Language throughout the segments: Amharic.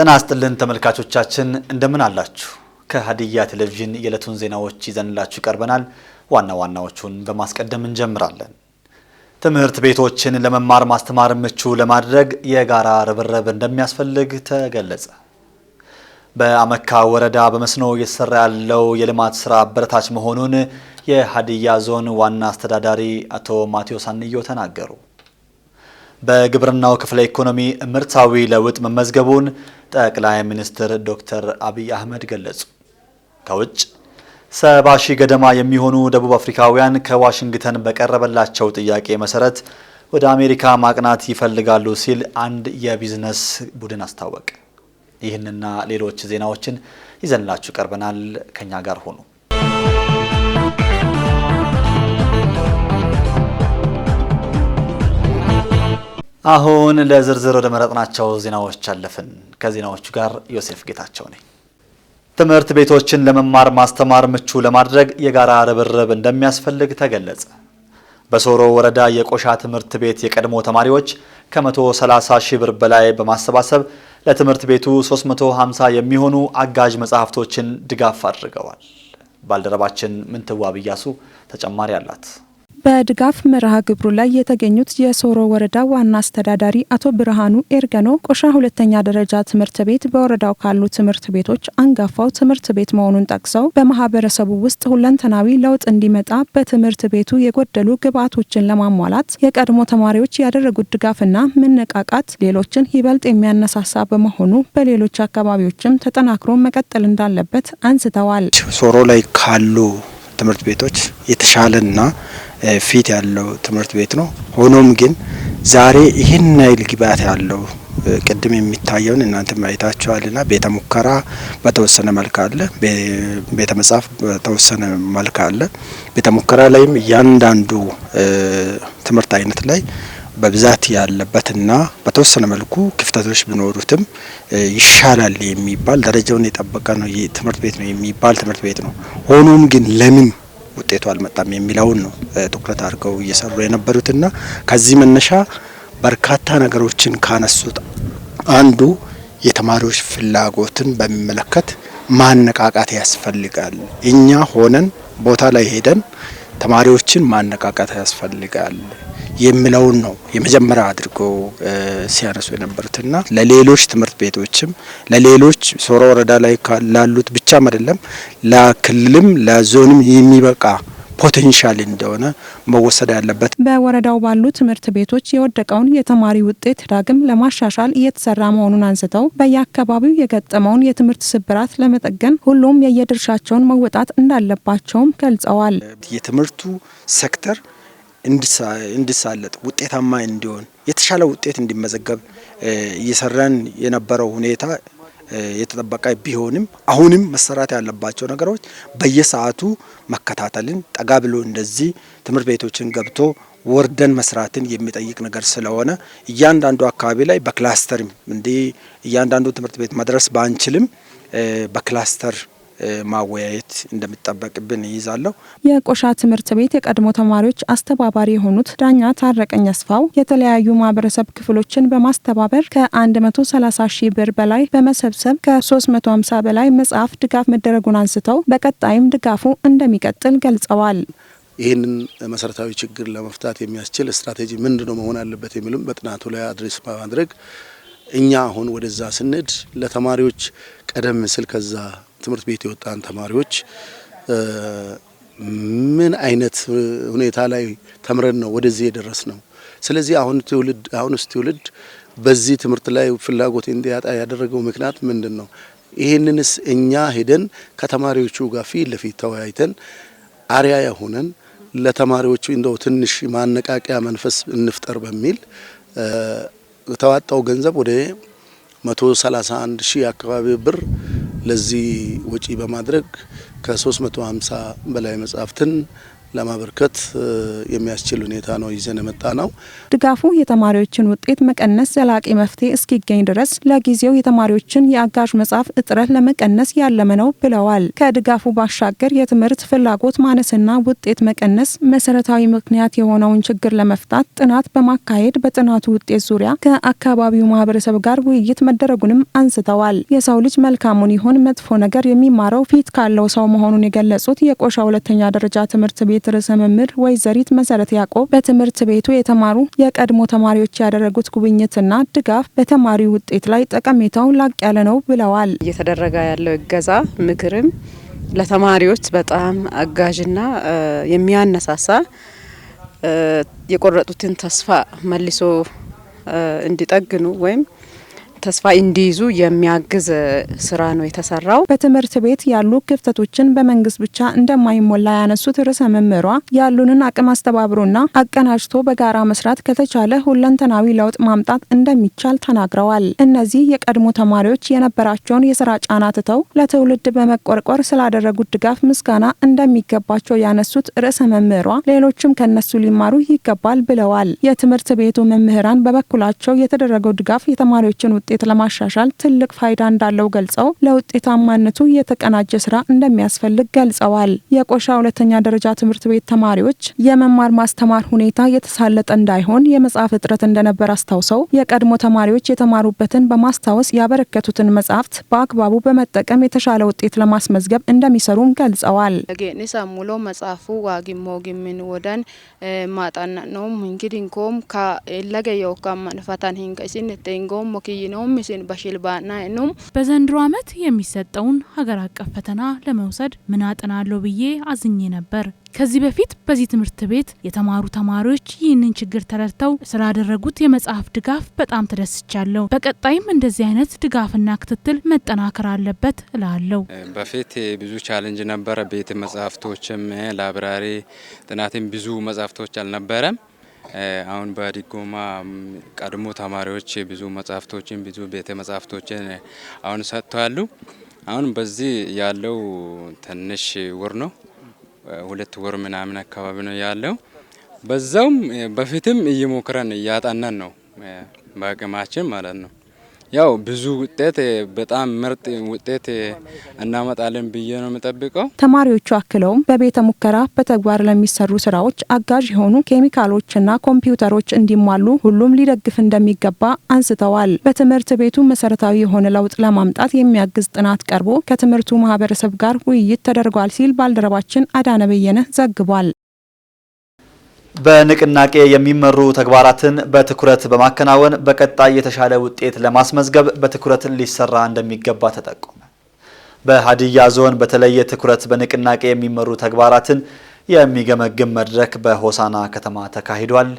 ጤና ይስጥልን ተመልካቾቻችን እንደምን አላችሁ? ከሀዲያ ቴሌቪዥን የዕለቱን ዜናዎች ይዘንላችሁ ቀርበናል። ዋና ዋናዎቹን በማስቀደም እንጀምራለን። ትምህርት ቤቶችን ለመማር ማስተማር ምቹ ለማድረግ የጋራ ርብርብ እንደሚያስፈልግ ተገለጸ። በአመካ ወረዳ በመስኖ እየተሰራ ያለው የልማት ስራ አበረታች መሆኑን የሀዲያ ዞን ዋና አስተዳዳሪ አቶ ማቴዎስ አንዮ ተናገሩ። በግብርናው ክፍለ ኢኮኖሚ ምርታዊ ለውጥ መመዝገቡን ጠቅላይ ሚኒስትር ዶክተር አብይ አህመድ ገለጹ። ከውጭ ሰባ ሺህ ገደማ የሚሆኑ ደቡብ አፍሪካውያን ከዋሽንግተን በቀረበላቸው ጥያቄ መሰረት ወደ አሜሪካ ማቅናት ይፈልጋሉ ሲል አንድ የቢዝነስ ቡድን አስታወቀ። ይህንና ሌሎች ዜናዎችን ይዘንላችሁ ቀርበናል። ከኛ ጋር ሆኑ። አሁን ለዝርዝር ወደ መረጥናቸው ዜናዎች አለፍን። ከዜናዎቹ ጋር ዮሴፍ ጌታቸው ነኝ። ትምህርት ቤቶችን ለመማር ማስተማር ምቹ ለማድረግ የጋራ ርብርብ እንደሚያስፈልግ ተገለጸ። በሶሮ ወረዳ የቆሻ ትምህርት ቤት የቀድሞ ተማሪዎች ከ130 ሺህ ብር በላይ በማሰባሰብ ለትምህርት ቤቱ 350 የሚሆኑ አጋዥ መጽሐፍቶችን ድጋፍ አድርገዋል። ባልደረባችን ምንትዋብ እያሱ ተጨማሪ አላት። በድጋፍ መርሃ ግብሩ ላይ የተገኙት የሶሮ ወረዳ ዋና አስተዳዳሪ አቶ ብርሃኑ ኤርገኖ ቆሻ ሁለተኛ ደረጃ ትምህርት ቤት በወረዳው ካሉ ትምህርት ቤቶች አንጋፋው ትምህርት ቤት መሆኑን ጠቅሰው በማህበረሰቡ ውስጥ ሁለንተናዊ ለውጥ እንዲመጣ በትምህርት ቤቱ የጎደሉ ግብዓቶችን ለማሟላት የቀድሞ ተማሪዎች ያደረጉት ድጋፍና መነቃቃት ሌሎችን ይበልጥ የሚያነሳሳ በመሆኑ በሌሎች አካባቢዎችም ተጠናክሮ መቀጠል እንዳለበት አንስተዋል። ሶሮ ላይ ካሉ ትምህርት ቤቶች የተሻለና ፊት ያለው ትምህርት ቤት ነው። ሆኖም ግን ዛሬ ይህን ናይል ግብዓት ያለው ቅድም የሚታየውን እናንተ ና ቤተ ሙከራ በተወሰነ መልክ አለ፣ ቤተ መጽሐፍ በተወሰነ መልክ አለ። ቤተ ሙከራ ላይም እያንዳንዱ ትምህርት አይነት ላይ በብዛት ያለበትና በተወሰነ መልኩ ክፍተቶች ቢኖሩትም ይሻላል የሚባል ደረጃውን የጠበቀ ነው ትምህርት ቤት ነው የሚባል ትምህርት ቤት ነው። ሆኖም ግን ለምን ውጤቱ አልመጣም የሚለውን ነው ትኩረት አድርገው እየሰሩ የነበሩትና ከዚህ መነሻ በርካታ ነገሮችን ካነሱት አንዱ የተማሪዎች ፍላጎትን በሚመለከት ማነቃቃት ያስፈልጋል። እኛ ሆነን ቦታ ላይ ሄደን ተማሪዎችን ማነቃቃት ያስፈልጋል የሚለውን ነው የመጀመሪያ አድርጎ ሲያነሱ የነበሩትና ለሌሎች ትምህርት ቤቶችም ለሌሎች ሶሮ ወረዳ ላይ ላሉት ብቻም አይደለም ለክልልም ለዞንም የሚበቃ ፖቴንሻል እንደሆነ መወሰድ ያለበት። በወረዳው ባሉ ትምህርት ቤቶች የወደቀውን የተማሪ ውጤት ዳግም ለማሻሻል እየተሰራ መሆኑን አንስተው በየአካባቢው የገጠመውን የትምህርት ስብራት ለመጠገን ሁሉም የየድርሻቸውን መወጣት እንዳለባቸውም ገልጸዋል። የትምህርቱ ሴክተር እንዲሳለጥ ውጤታማ እንዲሆን የተሻለ ውጤት እንዲመዘገብ እየሰራን የነበረው ሁኔታ የተጠበቀ ቢሆንም አሁንም መሰራት ያለባቸው ነገሮች በየሰዓቱ መከታተልን ጠጋ ብሎ እንደዚህ ትምህርት ቤቶችን ገብቶ ወርደን መስራትን የሚጠይቅ ነገር ስለሆነ እያንዳንዱ አካባቢ ላይ በክላስተርም እንዲህ እያንዳንዱ ትምህርት ቤት መድረስ ባንችልም በክላስተር ማወያየት እንደሚጠበቅብን ይይዛለሁ። የቆሻ ትምህርት ቤት የቀድሞ ተማሪዎች አስተባባሪ የሆኑት ዳኛ ታረቀኝ አስፋው የተለያዩ ማህበረሰብ ክፍሎችን በማስተባበር ከ130 ሺህ ብር በላይ በመሰብሰብ ከ350 በላይ መጽሐፍ ድጋፍ መደረጉን አንስተው በቀጣይም ድጋፉ እንደሚቀጥል ገልጸዋል። ይህንን መሰረታዊ ችግር ለመፍታት የሚያስችል ስትራቴጂ ምንድነው መሆን አለበት የሚልም በጥናቱ ላይ አድሬስ በማድረግ እኛ አሁን ወደዛ ስንሄድ ለተማሪዎች ቀደም ስል ከዛ ትምህርት ቤት የወጣን ተማሪዎች ምን አይነት ሁኔታ ላይ ተምረን ነው ወደዚህ የደረስ ነው። ስለዚህ አሁን ትውልድ አሁንስ ትውልድ በዚህ ትምህርት ላይ ፍላጎት እንዲያጣ ያደረገው ምክንያት ምንድን ነው? ይህንንስ እኛ ሄደን ከተማሪዎቹ ጋር ፊት ለፊት ተወያይተን አሪያ የሆነን ለተማሪዎቹ እንደው ትንሽ ማነቃቂያ መንፈስ እንፍጠር በሚል ተዋጣው ገንዘብ ወደ 131 ሺህ አካባቢ ብር ለዚህ ወጪ በማድረግ ከ350 በላይ መጽሐፍትን ለማበርከት የሚያስችል ሁኔታ ነው ይዘን የመጣ ነው። ድጋፉ የተማሪዎችን ውጤት መቀነስ ዘላቂ መፍትሄ እስኪገኝ ድረስ ለጊዜው የተማሪዎችን የአጋዥ መጽሐፍ እጥረት ለመቀነስ ያለመ ነው ብለዋል። ከድጋፉ ባሻገር የትምህርት ፍላጎት ማነስና ውጤት መቀነስ መሰረታዊ ምክንያት የሆነውን ችግር ለመፍታት ጥናት በማካሄድ በጥናቱ ውጤት ዙሪያ ከአካባቢው ማህበረሰብ ጋር ውይይት መደረጉንም አንስተዋል። የሰው ልጅ መልካሙን ይሁን መጥፎ ነገር የሚማረው ፊት ካለው ሰው መሆኑን የገለጹት የቆሻ ሁለተኛ ደረጃ ትምህርት ቤት ቤት ርዕሰ መምህር ወይዘሪት መሰረት ያዕቆብ በትምህርት ቤቱ የተማሩ የቀድሞ ተማሪዎች ያደረጉት ጉብኝትና ድጋፍ በተማሪው ውጤት ላይ ጠቀሜታው ላቅ ያለ ነው ብለዋል። እየተደረገ ያለው እገዛ ምክርም ለተማሪዎች በጣም አጋዥና የሚያነሳሳ የቆረጡትን ተስፋ መልሶ እንዲጠግኑ ወይም ተስፋ እንዲይዙ የሚያግዝ ስራ ነው የተሰራው። በትምህርት ቤት ያሉ ክፍተቶችን በመንግስት ብቻ እንደማይሞላ ያነሱት ርዕሰ መምህሯ ያሉንን አቅም አስተባብሮና አቀናጅቶ በጋራ መስራት ከተቻለ ሁለንተናዊ ለውጥ ማምጣት እንደሚቻል ተናግረዋል። እነዚህ የቀድሞ ተማሪዎች የነበራቸውን የስራ ጫና ትተው ለትውልድ በመቆርቆር ስላደረጉት ድጋፍ ምስጋና እንደሚገባቸው ያነሱት ርዕሰ መምህሯ ሌሎችም ከነሱ ሊማሩ ይገባል ብለዋል። የትምህርት ቤቱ መምህራን በበኩላቸው የተደረገው ድጋፍ የተማሪዎችን ውጤት ለማሻሻል ትልቅ ፋይዳ እንዳለው ገልጸው ለውጤታማነቱ የተቀናጀ ስራ እንደሚያስፈልግ ገልጸዋል። የቆሻ ሁለተኛ ደረጃ ትምህርት ቤት ተማሪዎች የመማር ማስተማር ሁኔታ የተሳለጠ እንዳይሆን የመጽሐፍ እጥረት እንደነበር አስታውሰው የቀድሞ ተማሪዎች የተማሩበትን በማስታወስ ያበረከቱትን መጽሐፍት በአግባቡ በመጠቀም የተሻለ ውጤት ለማስመዝገብ እንደሚሰሩም ገልጸዋል። ጌኒሳ ሙሎ መጽሐፉ ዋጊሞ ጊሚን ወደን ማጣና ነው እንግዲህ እንኮም ከለገ የውካ መንፈታን ነውም ሚስን በሽልባና ነውም በዘንድሮ ዓመት የሚሰጠውን ሀገር አቀፍ ፈተና ለመውሰድ ምን አጥናለሁ ብዬ አዝኜ ነበር። ከዚህ በፊት በዚህ ትምህርት ቤት የተማሩ ተማሪዎች ይህንን ችግር ተረድተው ስላደረጉት የመጽሐፍ ድጋፍ በጣም ተደስቻለሁ። በቀጣይም እንደዚህ አይነት ድጋፍና ክትትል መጠናከር አለበት እላለሁ። በፊት ብዙ ቻለንጅ ነበረ። ቤት መጽሐፍቶችም ላይብራሪ ጥናትም ብዙ መጽሐፍቶች አልነበረም። አሁን በዲጎማ ቀድሞ ተማሪዎች ብዙ መጽሐፍቶችን ብዙ ቤተ መጽሐፍቶችን አሁን ሰጥተዋሉ። አሁን በዚህ ያለው ትንሽ ወር ነው፣ ሁለት ወር ምናምን አካባቢ ነው ያለው። በዛውም በፊትም እየሞክረን እያጠናን ነው በአቅማችን ማለት ነው። ያው ብዙ ውጤት በጣም ምርጥ ውጤት እናመጣለን ብዬ ነው የምጠብቀው። ተማሪዎቹ አክለውም በቤተ ሙከራ በተግባር ለሚሰሩ ስራዎች አጋዥ የሆኑ ኬሚካሎችና ኮምፒውተሮች እንዲሟሉ ሁሉም ሊደግፍ እንደሚገባ አንስተዋል። በትምህርት ቤቱ መሰረታዊ የሆነ ለውጥ ለማምጣት የሚያግዝ ጥናት ቀርቦ ከትምህርቱ ማህበረሰብ ጋር ውይይት ተደርጓል ሲል ባልደረባችን አዳነ በየነህ ዘግቧል። በንቅናቄ የሚመሩ ተግባራትን በትኩረት በማከናወን በቀጣይ የተሻለ ውጤት ለማስመዝገብ በትኩረት ሊሰራ እንደሚገባ ተጠቆመ። በሀዲያ ዞን በተለየ ትኩረት በንቅናቄ የሚመሩ ተግባራትን የሚገመግም መድረክ በሆሳና ከተማ ተካሂዷል።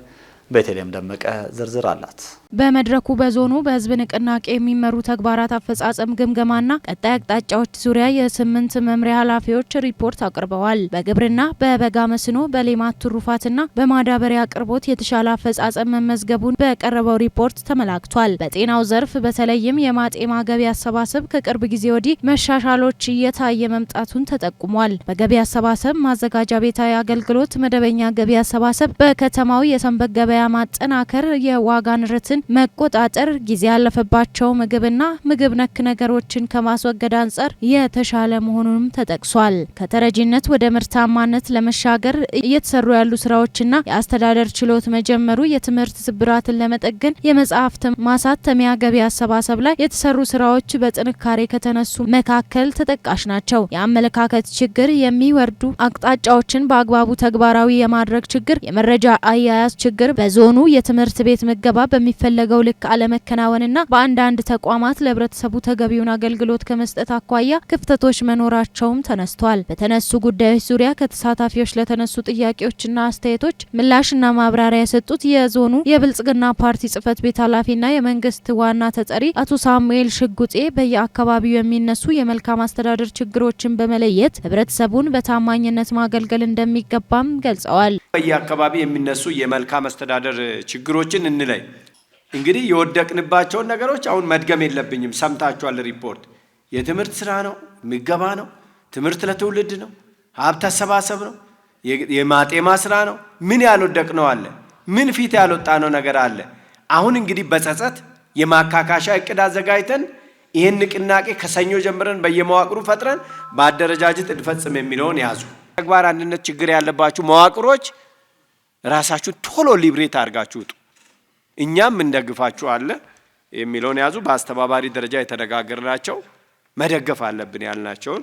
ቤተልሔም ደመቀ ዝርዝር አላት። በመድረኩ በዞኑ በህዝብ ንቅናቄ የሚመሩ ተግባራት አፈጻጸም ግምገማና ቀጣይ አቅጣጫዎች ዙሪያ የስምንት መምሪያ ኃላፊዎች ሪፖርት አቅርበዋል። በግብርና፣ በበጋ መስኖ፣ በሌማት ትሩፋትና በማዳበሪያ አቅርቦት የተሻለ አፈጻጸም መመዝገቡን በቀረበው ሪፖርት ተመላክቷል። በጤናው ዘርፍ በተለይም የማጤማ ገቢ አሰባሰብ ከቅርብ ጊዜ ወዲህ መሻሻሎች እየታየ መምጣቱን ተጠቁሟል። በገቢ አሰባሰብ ማዘጋጃ ቤታዊ አገልግሎት መደበኛ ገቢ አሰባሰብ በከተማው የሰንበት ገበያ ማጠናከር የዋጋ ንረትን ነገሮችን መቆጣጠር፣ ጊዜ ያለፈባቸው ምግብና ምግብ ነክ ነገሮችን ከማስወገድ አንጻር የተሻለ መሆኑንም ተጠቅሷል። ከተረጂነት ወደ ምርታማነት ለመሻገር እየተሰሩ ያሉ ስራዎችና የአስተዳደር ችሎት መጀመሩ የትምህርት ስብራትን ለመጠገን የመጽሐፍት ማሳተሚያ ገቢ አሰባሰብ ላይ የተሰሩ ስራዎች በጥንካሬ ከተነሱ መካከል ተጠቃሽ ናቸው። የአመለካከት ችግር፣ የሚወርዱ አቅጣጫዎችን በአግባቡ ተግባራዊ የማድረግ ችግር፣ የመረጃ አያያዝ ችግር በዞኑ የትምህርት ቤት ምገባ በሚፈ በተፈለገው ልክ አለመከናወንና በአንዳንድ ተቋማት ለህብረተሰቡ ተገቢውን አገልግሎት ከመስጠት አኳያ ክፍተቶች መኖራቸውም ተነስቷል። በተነሱ ጉዳዮች ዙሪያ ከተሳታፊዎች ለተነሱ ጥያቄዎችና አስተያየቶች ምላሽና ማብራሪያ የሰጡት የዞኑ የብልጽግና ፓርቲ ጽህፈት ቤት ኃላፊና የመንግስት ዋና ተጠሪ አቶ ሳሙኤል ሽጉጤ በየአካባቢው የሚነሱ የመልካም አስተዳደር ችግሮችን በመለየት ህብረተሰቡን በታማኝነት ማገልገል እንደሚገባም ገልጸዋል። በየአካባቢ የሚነሱ የመልካም አስተዳደር ችግሮችን እንለይ እንግዲህ የወደቅንባቸውን ነገሮች አሁን መድገም የለብኝም። ሰምታችኋል። ሪፖርት የትምህርት ስራ ነው፣ ምገባ ነው፣ ትምህርት ለትውልድ ነው፣ ሀብት አሰባሰብ ነው፣ የማጤማ ስራ ነው። ምን ያልወደቅነው አለ? ምን ፊት ያልወጣነው ነገር አለ? አሁን እንግዲህ በጸጸት የማካካሻ እቅድ አዘጋጅተን ይህን ንቅናቄ ከሰኞ ጀምረን በየመዋቅሩ ፈጥረን በአደረጃጀት እንፈጽም የሚለውን ያዙ። ተግባር አንድነት ችግር ያለባችሁ መዋቅሮች ራሳችሁ ቶሎ ሊብሬት አድርጋችሁ ውጡ። እኛም እንደግፋችኋለን የሚለውን ያዙ። በአስተባባሪ ደረጃ የተነጋገርናቸው መደገፍ አለብን ያልናቸውን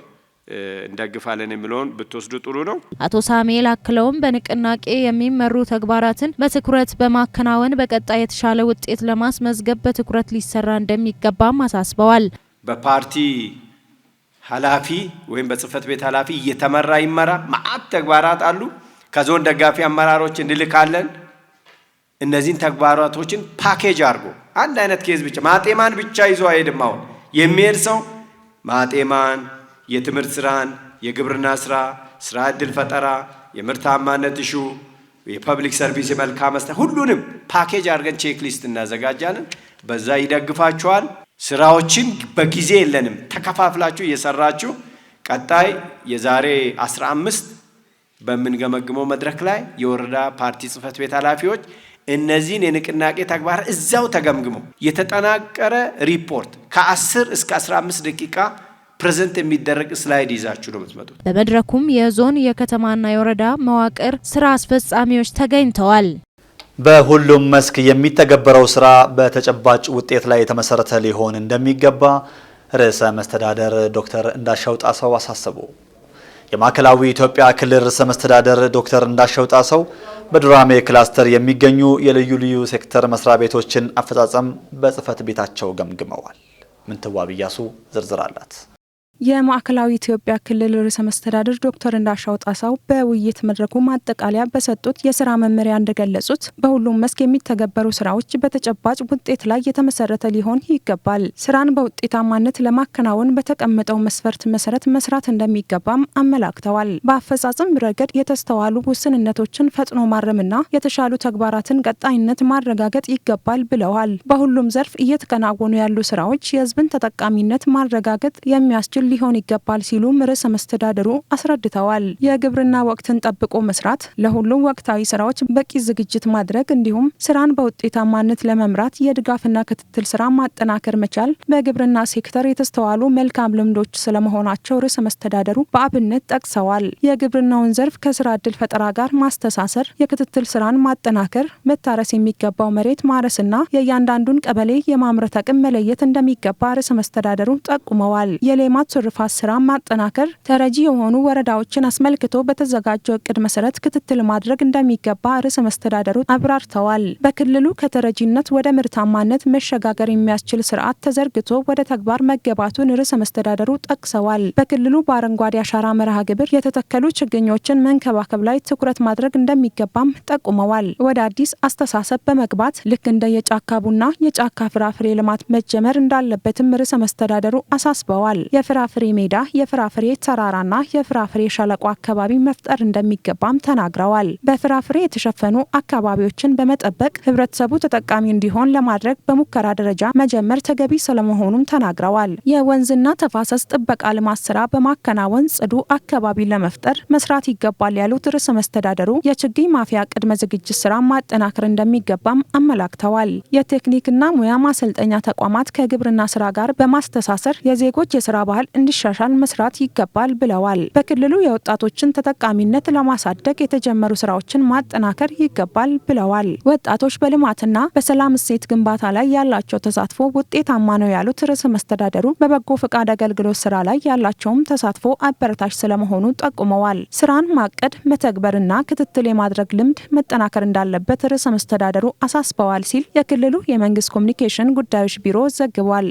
እንደግፋለን የሚለውን ብትወስዱ ጥሩ ነው። አቶ ሳሙኤል አክለውም በንቅናቄ የሚመሩ ተግባራትን በትኩረት በማከናወን በቀጣይ የተሻለ ውጤት ለማስመዝገብ በትኩረት ሊሰራ እንደሚገባም አሳስበዋል። በፓርቲ ኃላፊ ወይም በጽህፈት ቤት ኃላፊ እየተመራ ይመራ። ማአት ተግባራት አሉ። ከዞን ደጋፊ አመራሮች እንልካለን። እነዚህን ተግባራቶችን ፓኬጅ አድርጎ አንድ አይነት ኬዝ ብቻ ማጤማን ብቻ ይዞ አይሄድም። አሁን የሚሄድ ሰው ማጤማን፣ የትምህርት ስራን፣ የግብርና ስራ፣ ስራ እድል ፈጠራ፣ የምርታማነት እሹ፣ የፐብሊክ ሰርቪስ፣ የመልካም አስተዳደር ሁሉንም ፓኬጅ አድርገን ቼክ ሊስት እናዘጋጃለን። በዛ ይደግፋችኋል። ስራዎችን በጊዜ የለንም ተከፋፍላችሁ እየሰራችሁ ቀጣይ የዛሬ 15 በምንገመግመው መድረክ ላይ የወረዳ ፓርቲ ጽህፈት ቤት ኃላፊዎች እነዚህን የንቅናቄ ተግባር እዛው ተገምግሞ የተጠናቀረ ሪፖርት ከ10 እስከ 15 ደቂቃ ፕሬዘንት የሚደረግ ስላይድ ይዛችሁ ነው የምትመጡት። በመድረኩም የዞን የከተማና የወረዳ መዋቅር ስራ አስፈጻሚዎች ተገኝተዋል። በሁሉም መስክ የሚተገበረው ስራ በተጨባጭ ውጤት ላይ የተመሰረተ ሊሆን እንደሚገባ ርዕሰ መስተዳደር ዶክተር እንዳሻው ጣሰው አሳሰቡ። የማዕከላዊ ኢትዮጵያ ክልል ርዕሰ መስተዳደር ዶክተር እንዳሻው ጣሰው በዱራሜ ክላስተር የሚገኙ የልዩ ልዩ ሴክተር መስሪያ ቤቶችን አፈጻጸም በጽህፈት ቤታቸው ገምግመዋል። ምንትዋብ እያሱ ዝርዝር አላት። የማዕከላዊ ኢትዮጵያ ክልል ርዕሰ መስተዳድር ዶክተር እንዳሻው ጣሳው በውይይት መድረኩ ማጠቃለያ በሰጡት የስራ መመሪያ እንደገለጹት በሁሉም መስክ የሚተገበሩ ስራዎች በተጨባጭ ውጤት ላይ የተመሰረተ ሊሆን ይገባል። ስራን በውጤታማነት ለማከናወን በተቀመጠው መስፈርት መሰረት መስራት እንደሚገባም አመላክተዋል። በአፈጻጸም ረገድ የተስተዋሉ ውስንነቶችን ፈጥኖ ማረምና የተሻሉ ተግባራትን ቀጣይነት ማረጋገጥ ይገባል ብለዋል። በሁሉም ዘርፍ እየተከናወኑ ያሉ ስራዎች የህዝብን ተጠቃሚነት ማረጋገጥ የሚያስችል ሊሆን ይገባል ሲሉም ርዕሰ መስተዳደሩ አስረድተዋል። የግብርና ወቅትን ጠብቆ መስራት፣ ለሁሉም ወቅታዊ ስራዎች በቂ ዝግጅት ማድረግ እንዲሁም ስራን በውጤታማነት ለመምራት የድጋፍና ክትትል ስራ ማጠናከር መቻል በግብርና ሴክተር የተስተዋሉ መልካም ልምዶች ስለመሆናቸው ርዕሰ መስተዳደሩ በአብነት ጠቅሰዋል። የግብርናውን ዘርፍ ከስራ ዕድል ፈጠራ ጋር ማስተሳሰር፣ የክትትል ስራን ማጠናከር፣ መታረስ የሚገባው መሬት ማረስና የእያንዳንዱን ቀበሌ የማምረት አቅም መለየት እንደሚገባ ርዕሰ መስተዳደሩ ጠቁመዋል። የሌማት የትሩፋት ስራ ማጠናከር፣ ተረጂ የሆኑ ወረዳዎችን አስመልክቶ በተዘጋጀው እቅድ መሰረት ክትትል ማድረግ እንደሚገባ ርዕሰ መስተዳደሩ አብራርተዋል። በክልሉ ከተረጂነት ወደ ምርታማነት መሸጋገር የሚያስችል ስርዓት ተዘርግቶ ወደ ተግባር መገባቱን ርዕሰ መስተዳደሩ ጠቅሰዋል። በክልሉ በአረንጓዴ አሻራ መርሃ ግብር የተተከሉ ችግኞችን መንከባከብ ላይ ትኩረት ማድረግ እንደሚገባም ጠቁመዋል። ወደ አዲስ አስተሳሰብ በመግባት ልክ እንደ የጫካ ቡና የጫካ ፍራፍሬ ልማት መጀመር እንዳለበትም ርዕሰ መስተዳደሩ አሳስበዋል። የፍራ የፍራፍሬ ሜዳ፣ የፍራፍሬ ተራራና የፍራፍሬ ሸለቆ አካባቢ መፍጠር እንደሚገባም ተናግረዋል። በፍራፍሬ የተሸፈኑ አካባቢዎችን በመጠበቅ ህብረተሰቡ ተጠቃሚ እንዲሆን ለማድረግ በሙከራ ደረጃ መጀመር ተገቢ ስለመሆኑም ተናግረዋል። የወንዝና ተፋሰስ ጥበቃ ልማት ስራ በማከናወን ጽዱ አካባቢ ለመፍጠር መስራት ይገባል ያሉት ርዕሰ መስተዳደሩ የችግኝ ማፍያ ቅድመ ዝግጅት ስራ ማጠናከር እንደሚገባም አመላክተዋል። የቴክኒክና ሙያ ማሰልጠኛ ተቋማት ከግብርና ስራ ጋር በማስተሳሰር የዜጎች የስራ ባህል እንዲሻሻል መስራት ይገባል ብለዋል። በክልሉ የወጣቶችን ተጠቃሚነት ለማሳደግ የተጀመሩ ስራዎችን ማጠናከር ይገባል ብለዋል። ወጣቶች በልማትና በሰላም እሴት ግንባታ ላይ ያላቸው ተሳትፎ ውጤታማ ነው ያሉት ርዕሰ መስተዳደሩ በበጎ ፈቃድ አገልግሎት ስራ ላይ ያላቸውም ተሳትፎ አበረታች ስለመሆኑ ጠቁመዋል። ስራን ማቀድ መተግበርና ክትትል የማድረግ ልምድ መጠናከር እንዳለበት ርዕሰ መስተዳደሩ አሳስበዋል ሲል የክልሉ የመንግስት ኮሚኒኬሽን ጉዳዮች ቢሮ ዘግቧል።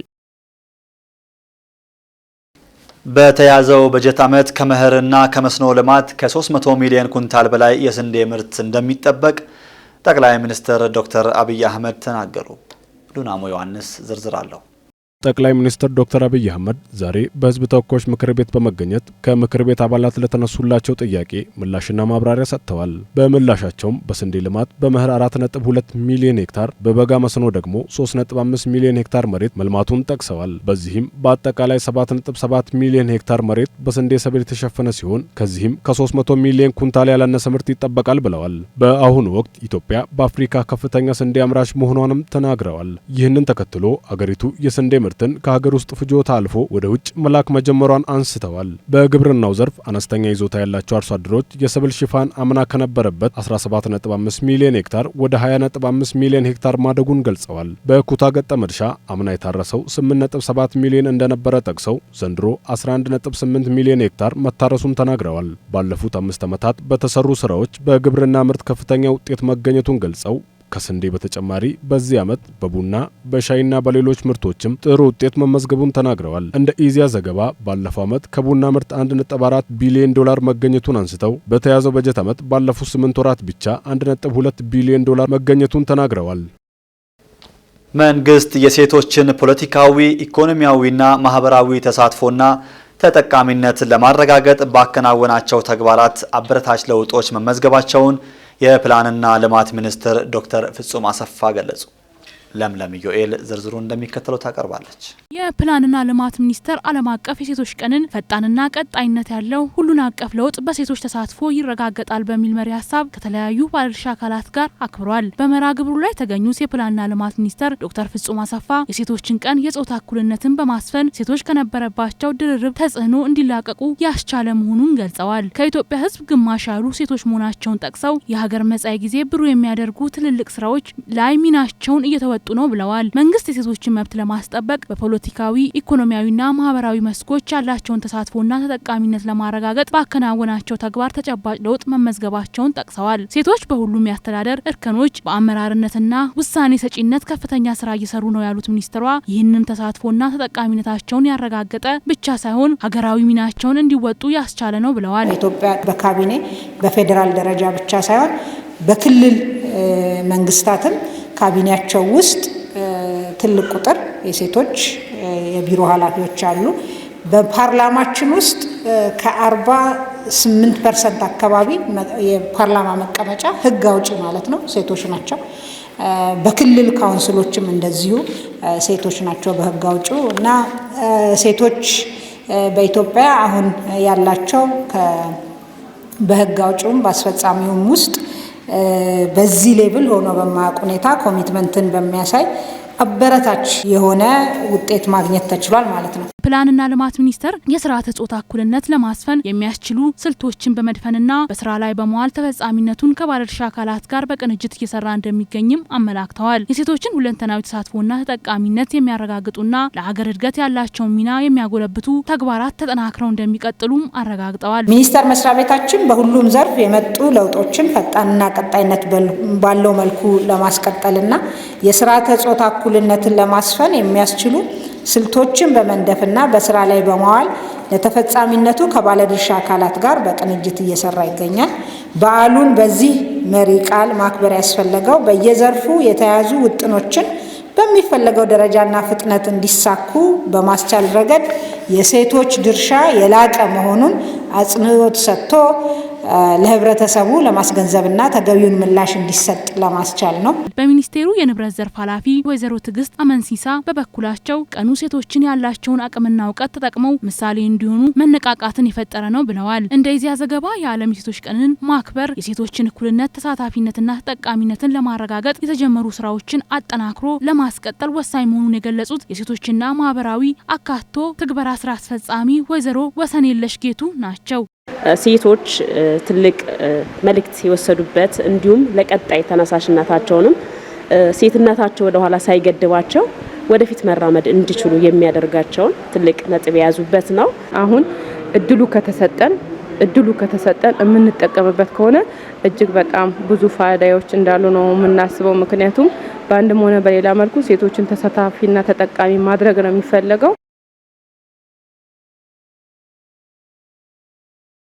በተያዘው በጀት ዓመት ከመኸርና ከመስኖ ልማት ከ300 ሚሊዮን ኩንታል በላይ የስንዴ ምርት እንደሚጠበቅ ጠቅላይ ሚኒስትር ዶክተር አብይ አህመድ ተናገሩ። ዱናሞ ዮሐንስ ዝርዝር አለው። ጠቅላይ ሚኒስትር ዶክተር አብይ አህመድ ዛሬ በህዝብ ተወካዮች ምክር ቤት በመገኘት ከምክር ቤት አባላት ለተነሱላቸው ጥያቄ ምላሽና ማብራሪያ ሰጥተዋል። በምላሻቸውም በስንዴ ልማት በመኸር 4.2 ሚሊዮን ሄክታር፣ በበጋ መስኖ ደግሞ 3.5 ሚሊዮን ሄክታር መሬት መልማቱን ጠቅሰዋል። በዚህም በአጠቃላይ 7.7 ሚሊዮን ሄክታር መሬት በስንዴ ሰብል የተሸፈነ ሲሆን ከዚህም ከ300 ሚሊዮን ኩንታል ያላነሰ ምርት ይጠበቃል ብለዋል። በአሁኑ ወቅት ኢትዮጵያ በአፍሪካ ከፍተኛ ስንዴ አምራች መሆኗንም ተናግረዋል። ይህንን ተከትሎ አገሪቱ የስንዴ ምርት ምርትን ከሀገር ውስጥ ፍጆታ አልፎ ወደ ውጭ መላክ መጀመሯን አንስተዋል። በግብርናው ዘርፍ አነስተኛ ይዞታ ያላቸው አርሶ አደሮች የሰብል ሽፋን አምና ከነበረበት 17.5 ሚሊዮን ሄክታር ወደ 20.5 ሚሊዮን ሄክታር ማደጉን ገልጸዋል። በኩታ ገጠም እርሻ አምና የታረሰው 8.7 ሚሊዮን እንደነበረ ጠቅሰው ዘንድሮ 11.8 ሚሊዮን ሄክታር መታረሱን ተናግረዋል። ባለፉት አምስት ዓመታት በተሰሩ ስራዎች በግብርና ምርት ከፍተኛ ውጤት መገኘቱን ገልጸው ከስንዴ በተጨማሪ በዚህ ዓመት በቡና በሻይና በሌሎች ምርቶችም ጥሩ ውጤት መመዝገቡን ተናግረዋል። እንደ ኢዚያ ዘገባ ባለፈው ዓመት ከቡና ምርት 1.4 ቢሊዮን ዶላር መገኘቱን አንስተው በተያዘው በጀት ዓመት ባለፉት 8 ወራት ብቻ 1.2 ቢሊዮን ዶላር መገኘቱን ተናግረዋል። መንግስት የሴቶችን ፖለቲካዊ፣ ኢኮኖሚያዊና ማህበራዊ ተሳትፎና ተጠቃሚነት ለማረጋገጥ ባከናወናቸው ተግባራት አበረታች ለውጦች መመዝገባቸውን የፕላንና ልማት ሚኒስትር ዶክተር ፍጹም አሰፋ ገለጹ። ለምለም ዮኤል ዝርዝሩ እንደሚከተለው ታቀርባለች። የፕላንና ልማት ሚኒስቴር ዓለም አቀፍ የሴቶች ቀንን ፈጣንና ቀጣይነት ያለው ሁሉን አቀፍ ለውጥ በሴቶች ተሳትፎ ይረጋገጣል በሚል መሪ ሀሳብ ከተለያዩ ባለድርሻ አካላት ጋር አክብሯል። በመርሃ ግብሩ ላይ የተገኙት የፕላንና ልማት ሚኒስቴር ዶክተር ፍጹም አሰፋ የሴቶችን ቀን የጾታ እኩልነትን በማስፈን ሴቶች ከነበረባቸው ድርርብ ተጽዕኖ እንዲላቀቁ ያስቻለ መሆኑን ገልጸዋል። ከኢትዮጵያ ሕዝብ ግማሽ ያሉ ሴቶች መሆናቸውን ጠቅሰው የሀገር መጻኢ ጊዜ ብሩህ የሚያደርጉ ትልልቅ ስራዎች ላይ ሚናቸውን እየተወጡ እየመጡ ነው ብለዋል። መንግስት የሴቶችን መብት ለማስጠበቅ በፖለቲካዊ ኢኮኖሚያዊና ማህበራዊ መስኮች ያላቸውን ተሳትፎና ተጠቃሚነት ለማረጋገጥ ባከናወናቸው ተግባር ተጨባጭ ለውጥ መመዝገባቸውን ጠቅሰዋል። ሴቶች በሁሉም የአስተዳደር እርከኖች በአመራርነትና ውሳኔ ሰጪነት ከፍተኛ ስራ እየሰሩ ነው ያሉት ሚኒስትሯ ይህንን ተሳትፎና ተጠቃሚነታቸውን ያረጋገጠ ብቻ ሳይሆን ሀገራዊ ሚናቸውን እንዲወጡ ያስቻለ ነው ብለዋል። ኢትዮጵያ በካቢኔ በፌዴራል ደረጃ ብቻ ሳይሆን በክልል መንግስታትም ካቢኔያቸው ውስጥ ትልቅ ቁጥር የሴቶች የቢሮ ኃላፊዎች አሉ። በፓርላማችን ውስጥ ከአርባ ስምንት ፐርሰንት አካባቢ የፓርላማ መቀመጫ ህግ አውጪ ማለት ነው ሴቶች ናቸው። በክልል ካውንስሎችም እንደዚሁ ሴቶች ናቸው በህግ አውጪ እና ሴቶች በኢትዮጵያ አሁን ያላቸው በህግ አውጪውም በአስፈጻሚውም ውስጥ በዚህ ሌብል ሆኖ በማያውቅ ሁኔታ ኮሚትመንትን በሚያሳይ አበረታች የሆነ ውጤት ማግኘት ተችሏል ማለት ነው። የፕላንና ልማት ሚኒስቴር የስርዓተ ጾታ እኩልነት ለማስፈን የሚያስችሉ ስልቶችን በመድፈንና በስራ ላይ በመዋል ተፈጻሚነቱን ከባለድርሻ አካላት ጋር በቅንጅት እየሰራ እንደሚገኝም አመላክተዋል። የሴቶችን ሁለንተናዊ ተሳትፎና ተጠቃሚነት የሚያረጋግጡና ለሀገር እድገት ያላቸውን ሚና የሚያጎለብቱ ተግባራት ተጠናክረው እንደሚቀጥሉም አረጋግጠዋል። ሚኒስቴር መስሪያ ቤታችን በሁሉም ዘርፍ የመጡ ለውጦችን ፈጣንና ቀጣይነት ባለው መልኩ ለማስቀጠልና የስርዓተ ጾታ እኩልነትን ለማስፈን የሚያስችሉ ስልቶችን በመንደፍና በስራ ላይ በማዋል ለተፈጻሚነቱ ከባለድርሻ አካላት ጋር በቅንጅት እየሰራ ይገኛል። በዓሉን በዚህ መሪ ቃል ማክበር ያስፈለገው በየዘርፉ የተያዙ ውጥኖችን በሚፈለገው ደረጃና ፍጥነት እንዲሳኩ በማስቻል ረገድ የሴቶች ድርሻ የላቀ መሆኑን አጽንኦት ሰጥቶ ለህብረተሰቡ ለማስገንዘብና ተገቢውን ምላሽ እንዲሰጥ ለማስቻል ነው። በሚኒስቴሩ የንብረት ዘርፍ ኃላፊ ወይዘሮ ትዕግስት አመንሲሳ በበኩላቸው ቀኑ ሴቶችን ያላቸውን አቅምና እውቀት ተጠቅመው ምሳሌ እንዲሆኑ መነቃቃትን የፈጠረ ነው ብለዋል። እንደ ኢዜአ ዘገባ የዓለም የሴቶች ቀንን ማክበር የሴቶችን እኩልነት፣ ተሳታፊነትና ተጠቃሚነትን ለማረጋገጥ የተጀመሩ ስራዎችን አጠናክሮ ለማስቀጠል ወሳኝ መሆኑን የገለጹት የሴቶችና ማህበራዊ አካቶ ትግበራ ስራ አስፈጻሚ ወይዘሮ ወሰን የለሽ ጌቱ ናቸው። ሴቶች ትልቅ መልእክት የወሰዱበት እንዲሁም ለቀጣይ ተነሳሽነታቸውንም ሴትነታቸው ወደኋላ ሳይገድባቸው ወደፊት መራመድ እንዲችሉ የሚያደርጋቸውን ትልቅ ነጥብ የያዙበት ነው። አሁን እድሉ ከተሰጠን እድሉ ከተሰጠን የምንጠቀምበት ከሆነ እጅግ በጣም ብዙ ፋይዳዎች እንዳሉ ነው የምናስበው። ምክንያቱም በአንድም ሆነ በሌላ መልኩ ሴቶችን ተሳታፊና ተጠቃሚ ማድረግ ነው የሚፈለገው።